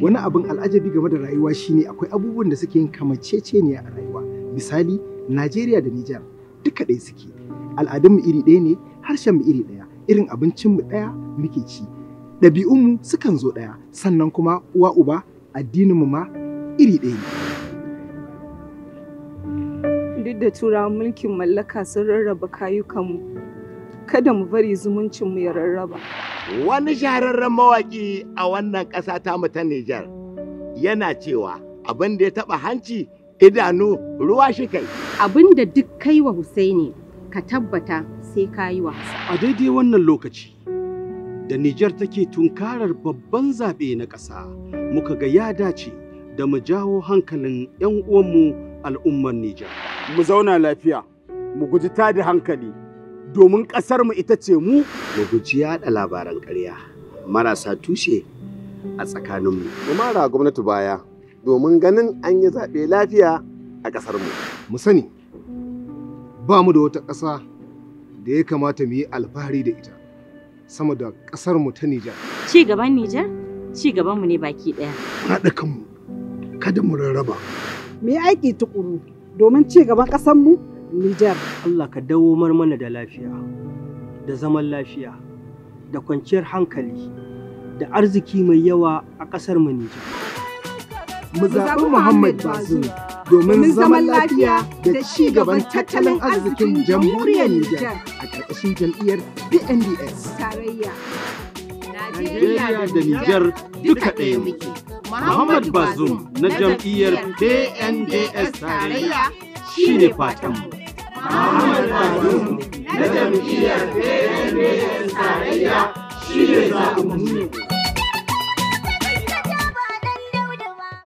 wani abin al'ajabi game da rayuwa shine akwai abubuwan da suke yin kamaceceniya a rayuwa misali najeriya da nijar duka ɗaya suke al'adunmu iri ɗaya ne harshen mu iri ɗaya irin abincinmu ɗaya muke ci ɗabi'unmu sukan zo ɗaya sannan kuma uwa uba addininmu ma iri ɗaya ne duk da turawan mulkin mallaka sun rarraba kayukanmu kada mu bari zumuncinmu ya rarraba wani shahararren mawaƙi a wannan ƙasa ta ta Nijar yana cewa abin da ya taɓa hanci idanu ruwa shi kai. Abin da duk kai wa Husaini ka tabbata sai ka yi wa A daidai wannan lokaci da Nijar take tunkarar babban zaɓe na ƙasa muka ga ya dace da mu jawo hankalin 'yan uwanmu al'ummar Nijar. Mu zauna lafiya, mu guji tada hankali. domin ƙasarmu ita ce mu mu guji yaɗa labaran ƙarya marasa tushe a tsakaninmu. Mu mara gwamnati baya domin ganin an yi zaɓe lafiya a ƙasarmu. Mu sani ba mu da wata ƙasa da ya kamata mu yi alfahari da ita sama da ƙasarmu ta Nijar. Ci gaban Nijar? Ci gabanmu ne baki ɗaya. Haɗa kanmu, kada mu rarraba. Mu aiki tukuru domin ci gaban ƙasarmu Nijar Allah ka dawo mana da lafiya, da zaman lafiya, da kwanciyar hankali, da arziki mai yawa a ƙasar mu Nijar. Mu zaɓi Muhammad Bazum domin zaman lafiya da ci gaban tattalin arzikin jamhuriyar Nijar a ƙarƙashin jam'iyyar BNDS. Tarayya. Najeriya da Nijar duka ɗaya muke. Muhammad Bazum na jam'iyyar BNDS tarayya shi ne fatanmu. Muhammad Faruk na jam'iyyar PNDS tarayya shi ne zaɓin mu.